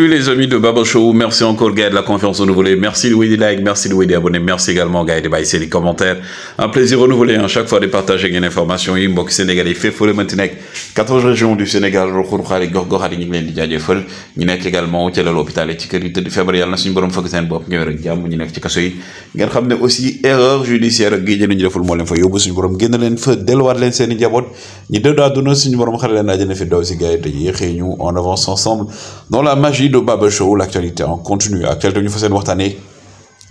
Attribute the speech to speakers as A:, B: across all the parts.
A: conclut les amis de Babo Show. Merci encore gars de la confiance renouvelée. Merci de like, merci de des merci également gars de baisser les commentaires. Un plaisir renouvelé à hein, chaque fois de partager une information. Inbox sénégalais fait folle maintenant. 14 régions du Sénégal, Rokhoukhali, Gorgokhali, Niglendi, Djadjefol. Nous sommes également à l'hôpital et sécurité de février. la sommes Borom train de bop ñëw rek jamm ñu nek ci kasso yi ngeen aussi erreur judiciaire ak gëjë ñu deful mo leen fa yobbu suñu borom gën leen fa delluwaat leen seen njaboot ñi dëddu aduna suñu borom xale leen ajana fi daw si gaay te yéexee ñu on avance ensemble dans la magie do Baba Show l'actualité en continu à quel ñu fas yéene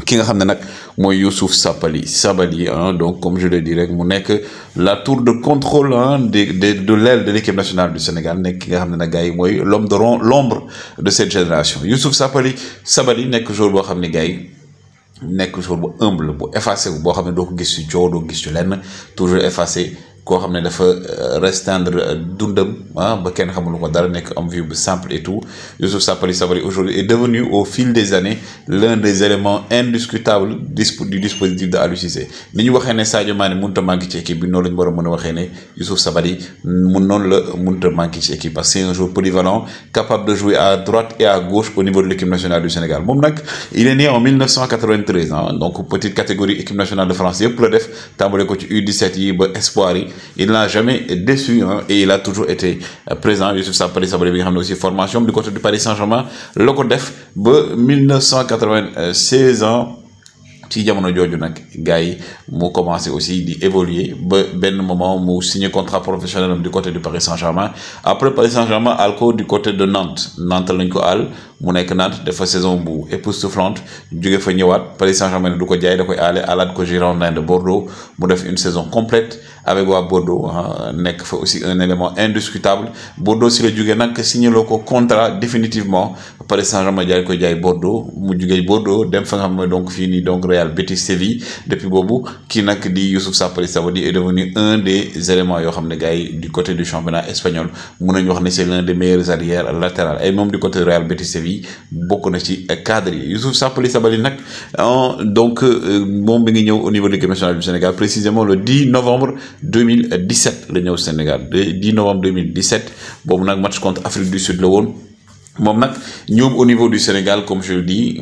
A: ki nga xamné nak moy Youssouf Sabali Sabali hein donc comme je le dirais mu nek la tour de contrôle hein de de de l'aile de l'équipe nationale du Sénégal nek ki nga xamné ne nag gars l'homme de l'ombre de cette génération Youssouf Sabali Sabali nek jour bo xamné ne nek jour bu humble bu effacé bo xamné do ko gis ci coow doo gis ci lenn toujours effacé koo xam ne dafa euh, restreindre euh, dundam ah ba kenn xamul ko dara nekk homme vieux bu simple et tout Youssouf Sabaly Sabaly aujourd'hui est devenu au fil des années l'un des éléments indiscutables du dispositif de Aliou Cissé ni ñu waxee ne Sadio Mané mënut a manqué ci équipe bi noonu la ñu war a mën a waxee ne Youssouf Sabaly mun noonu la mënut manqué ci équipe parce que c'est un joueur polyvalent capable de jouer à droite et à gauche au niveau de l'équipe nationale du Sénégal moom nak il est né en 1993 ah hein, donc petite catégorie équipe nationale de France yëpp la def tàmbale ko ci U17 yi ba espoir yi il n'a jamais déçu hein, et il a toujours été euh, présent Monsieur sa Sabaly bi aussi formation du côté du Paris Saint-Germain le de 1996 ans ci jamono joju nak gars mu commencer aussi di évoluer ba benn moment mu signé contrat professionnel du côté du Paris Saint-Germain après Paris Saint-Germain alco du côté de Nantes Nantes lañ ko àll mu nek Nantes dafa saison bu époustouflante jóge fa ñëwaat Paris Saint-Germain du ko jaay da koy aale alaat ko Girondins de Bordeaux mu def une saison complète avec wa Bordeaux hein. nek fa aussi un élément indiscutable Bordeaux si la jóge nag signé le contrat définitivement Paris Saint-Germain jaay ko jaay Bordeaux mu jóge Bordeaux dem fa nga xam donc fini donc. Real Betis Séville depuis qui n'a que dit Youssouf Sampoli est devenu un des éléments yo xamné du côté du championnat espagnol mon nañu wax c'est l'un des meilleurs arrières latérales et même du côté Real Betis Séville beaucoup na ci cadre Youssouf Sapoli nak donc bon euh, bi au niveau de l'équipe du Sénégal précisément le 10 novembre 2017 le Sénégal le 10 novembre 2017 bon un match contre Afrique du Sud le won au niveau du Sénégal comme je le dis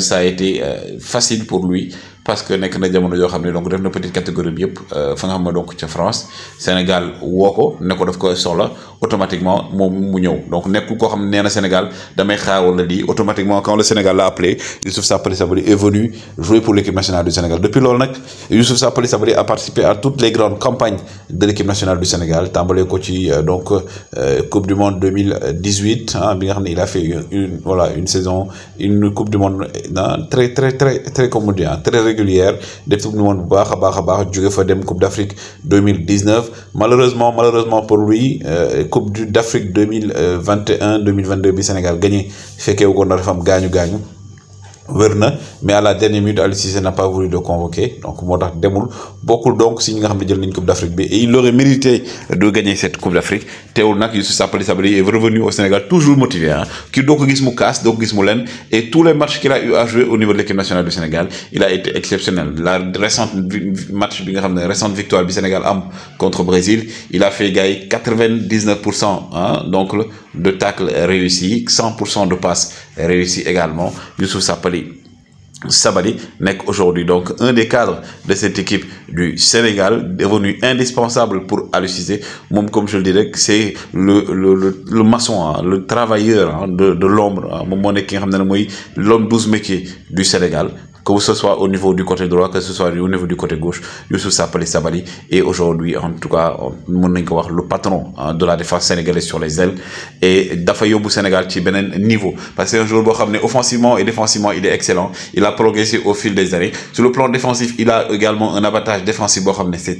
A: ça a été euh, facile pour lui parce que nek na jamono yo xam donc def na petite catégorie bi yëpp euh, fa nga donc ci France Sénégal woo ko ne ko daf ko soxla automatiquement mon mu donc nek ko xam ne Sénégal damay xawul la dit automatiquement quand le Sénégal l'a appelé Youssouf Sapali Sabaly est venu jouer pour l'équipe nationale du Sénégal depuis loolu nak Youssouf Sapali a participé à toutes les grandes campagnes de l'équipe nationale du Sénégal tambalé ko ci euh, donc euh, Coupe du Monde 2018 hein bi nga il a fait une voilà une saison une Coupe du Monde hein, très très très très commode hein, très régulière de suñu Coupe d'Afrique 2019 malheureusement malheureusement pour lui euh, Coupe d'Afrique 2021 2022 bi Sénégal gagné fait que ko ndax dafa am gagne, mais à la dernière minute Aliou n'a pas voulu le convoquer donc moo Demoul, beaucoup donc si coupe d'Afrique. et il aurait mérité de gagner cette coupe d'Afrique. Afrique Nak, il est revenu au Sénégal toujours motivé Qui hein. donc ko gis mu et tous les matchs qu'il a eu à jouer au niveau de l'équipe nationale du Sénégal il a été exceptionnel la récente match récente victoire du Sénégal contre contre Brésil il a fait gagner 99% hein. donc de tacle réussi 100% de passe réussi également. Youssouf Sapali Sabali n'est aujourd'hui donc un des cadres de cette équipe du Sénégal, devenu indispensable pour Alucisé. comme je le dirais, c'est le, le, le, maçon, hein, le travailleur hein, de, de l'ombre, hein, l'homme 12 métiers du Sénégal que ce soit au niveau du côté droit, que ce soit au niveau du côté gauche, Youssouf Sapali Sabali est aujourd'hui, en tout cas, le patron hein, de la défense sénégalaise sur les ailes. Et au Sénégal, qui est un niveau. Parce qu'un jour, offensivement et défensivement, il est excellent. Il a progressé au fil des années. Sur le plan défensif, il a également un avantage défensif.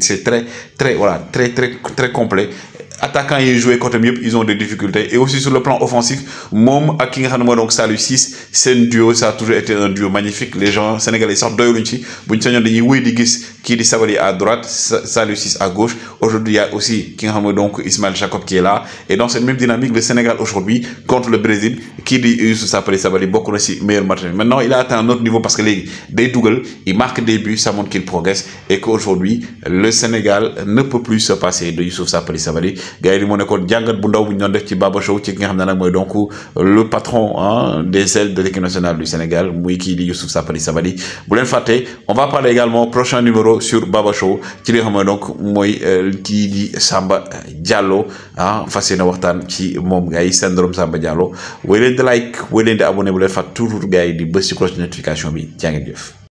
A: C'est très, très, voilà, très, très, très complet attaquant et joué contre mieux ils ont des difficultés et aussi sur le plan offensif Mom à ki nga donc c'est duo ça a toujours été un duo magnifique les gens sénégalais sortent doyaluñ ci de de à droite Saliou à gauche aujourd'hui il y a aussi ki donc Ismaël Jacob qui est là et dans cette même dynamique le Sénégal aujourd'hui contre le Brésil qui di Youssouf Savali, sabali beaucoup aussi meilleur match maintenant il a atteint un autre niveau parce que les day ils il marque des buts ça montre qu'il progresse et qu'aujourd'hui le Sénégal ne peut plus se passer de Yusuf Sabaly gaay yi li mu nekkoon jàngat bu ndaw bu ñon def ci Baba ci ki nga nak moy donc euh, le patron hein, des ailes de l'équipe nationale du Sénégal muy ki di Youssouf Sabaly Sabaly bu len faté on va parler également prochain numéro sur Baba Sow ci li nga donc moy euh, kii di Samba Diallo hein fas yéene waxtaan ci mom gaay syndrome Samba Diallo woy leen like woy leen abonné bu len fat toujours gars di ci notification bi jaa ngeen